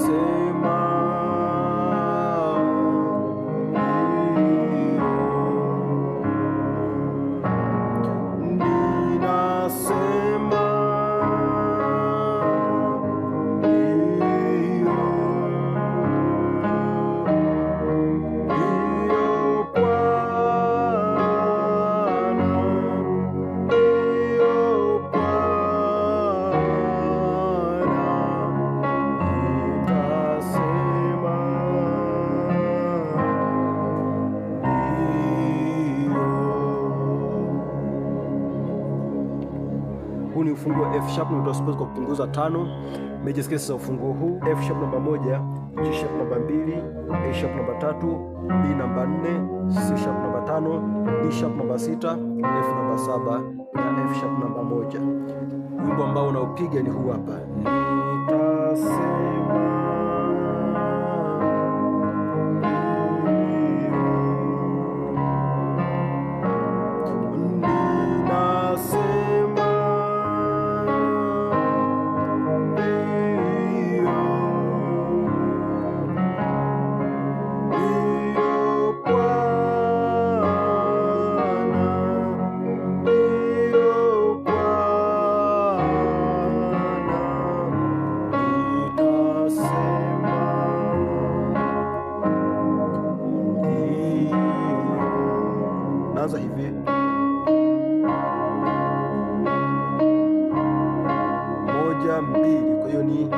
sei mais. ni ufunguo F sharp na uta suppose kwa kupunguza tano major scales za ufunguo huu F sharp namba moja, G sharp namba mbili, A sharp namba tatu, B namba nne, C sharp namba tano, D sharp namba sita, F namba saba na F sharp namba moja. Wimbo ambao unaopiga ni huu hapa. Nitasema unaanza hivi moja mbili, kwa hiyo ni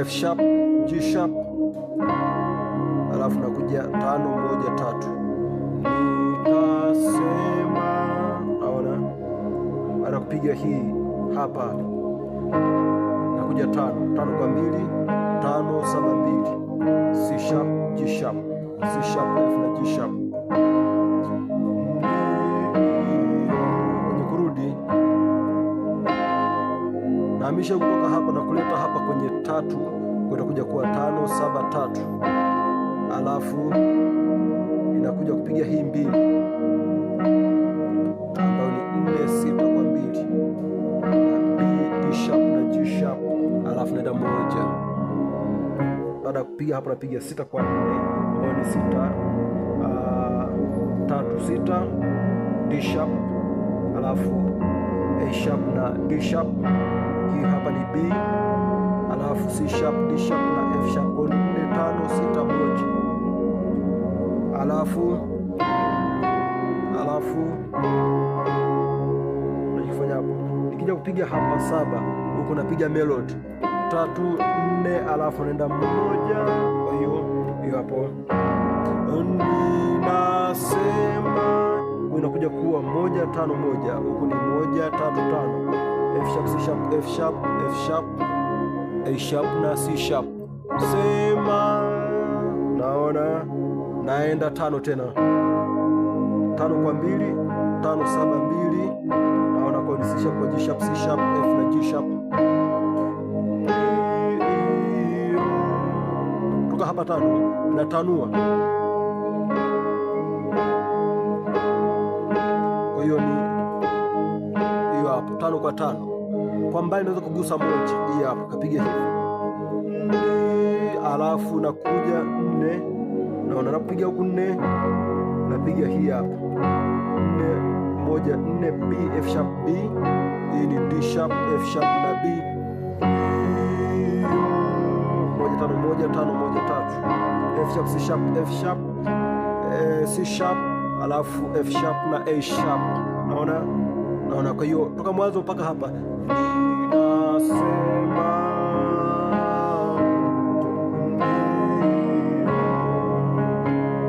F sharp G sharp, alafu nakuja tano moja tatu, nitasema naona, anakupiga hii hapa, nakuja tano tano kwa mbili, tano saba mbili, C sharp G sharp, C sharp F na G sharp. kuhamisha kutoka hapa na kuleta hapa kwenye tatu, utakuja kuwa tano saba tatu, alafu inakuja kupiga hii mbili ambayo ni nne sita kwa mbili na sharp na G sharp, alafu naenda moja. Baada ya kupiga hapa, napiga sita kwa nne ambayo ni sita uh, tatu sita D sharp alafu A sharp na D sharp G hapa ni B, alafu C sharp, D sharp na F sharp. Kwa nne tano sita moja, alafu alafu unajifanya hapo. Nikija kupiga hapa saba, huko napiga melody tatu nne, alafu naenda moja. Kwa hiyo hiyo hapo ninasema unakuja kuwa moja tano moja, huku ni moja tano tano F sharp, C sharp, F sharp, F sharp, A sharp na C sharp. Sema naona naenda tano tena, tano kwa mbili, tano saba mbili, naona kwa C sharp kwa G sharp, C sharp, F na G sharp. Tuka hapa tano natanua tano kwa tano, kwa mbali naweza kugusa moja. Hii hapo kapiga hivi, alafu nakuja nne, naona napiga huku nne, napiga hii hapo nne moja nne, B F sharp B. Hii ni D sharp F sharp na B moja tano moja tano moja tatu, F sharp C sharp F sharp eh, C sharp alafu F sharp na A sharp, naona naona. Kwa hiyo toka mwanzo mpaka hapa ninasema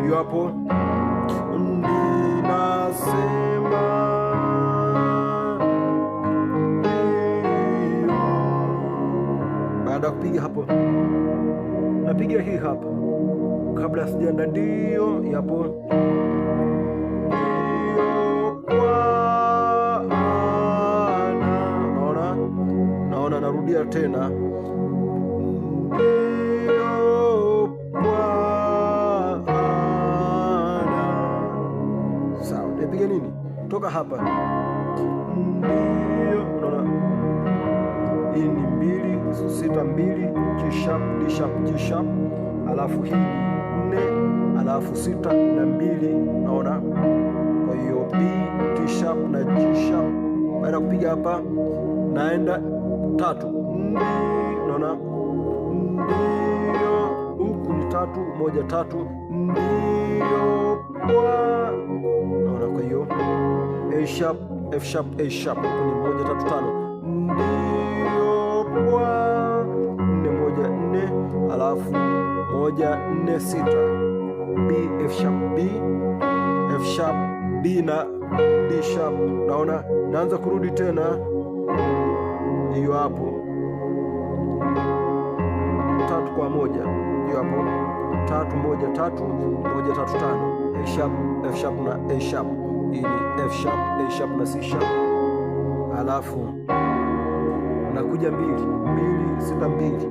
hiyo hapo ninasema baada ya kupiga hapo napiga hii hapa kabla sijaenda, ndio yapo. tena sawa, nipiga nini toka hapa, hii ni mbili sita mbili, G sharp D sharp G sharp, alafu hii nne, alafu sita na mbili, naona kwa hiyo B G sharp na G sharp. Baada ya kupiga hapa naenda tatu ndi, unaona ndio, huku ni tatu moja tatu ndio bwa, unaona. Kwa hiyo A sharp F sharp A sharp huku ni moja tatu tano ndio bwa, nne moja nne, alafu moja nne sita B F sharp B F sharp B na B sharp, naona naanza kurudi tena hapo tatu kwa moja hiyo hapo tatu moja tatu moja tatu tano A sharp F sharp na A sharp. Hii ni F sharp A sharp na C sharp, alafu nakuja mbili mbili sita mbili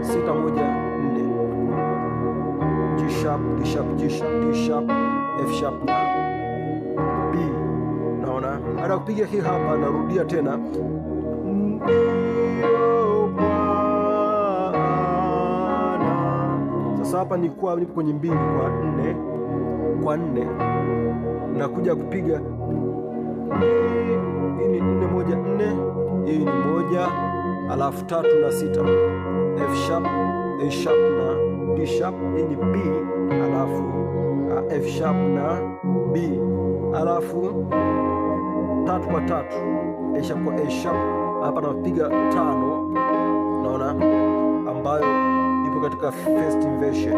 sita moja nne G sharp D sharp G sharp D sharp F sharp na B. Naona baada ya kupiga hii hapa, narudia tena sasa hapa kwa nipo kwenye mbili kwa nne, kwa nne nakuja kupiga hii ni nne moja nne, hii ni moja, alafu tatu na sita, F sharp, A sharp na D sharp. Hii ni B, alafu ah, F sharp na B, alafu tatu kwa tatu, A sharp kwa A sharp hapa napiga tano, naona ambayo ipo katika first inversion.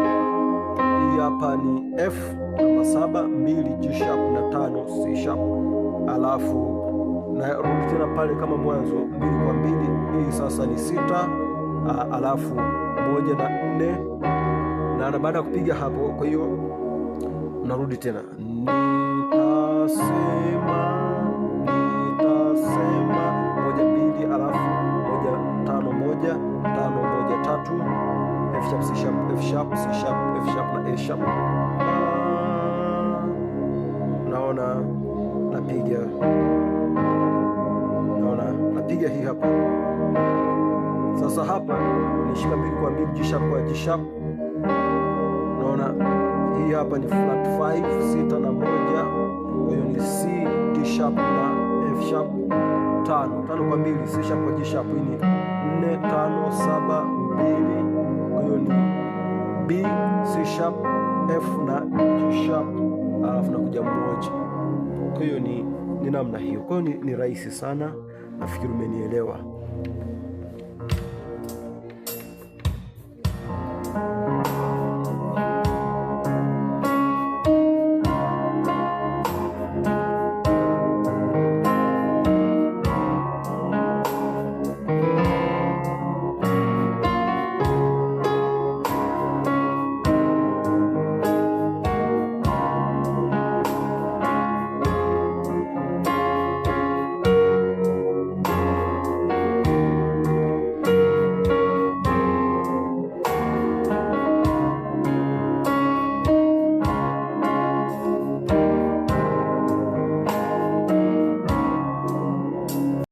Hii hapa ni F namba saba mbili G sharp na tano C sharp, alafu narudi tena pale kama mwanzo mbili kwa mbili. Hii sasa ni sita, alafu moja na nne, na na baada ya kupiga hapo, kwa hiyo narudi tena nitase sharp, C sharp, F sharp, C sharp, F sharp na A sharp. Naona napiga, naona napiga hii hapa. Sasa hapa nishika mbili kwa mbili, G sharp kwa G sharp. Naona hii hapa ni flat 5 sita na moja, kwa hiyo ni C, G sharp na F sharp tano tano kwa mbili, C sharp kwa G sharp. Hii ni nne tano saba mbili B, C sharp, F na G sharp, alafu na kuja moja. Kwa hiyo ni, ni namna hiyo. Kwa hiyo ni, ni rahisi sana, nafikiri umenielewa.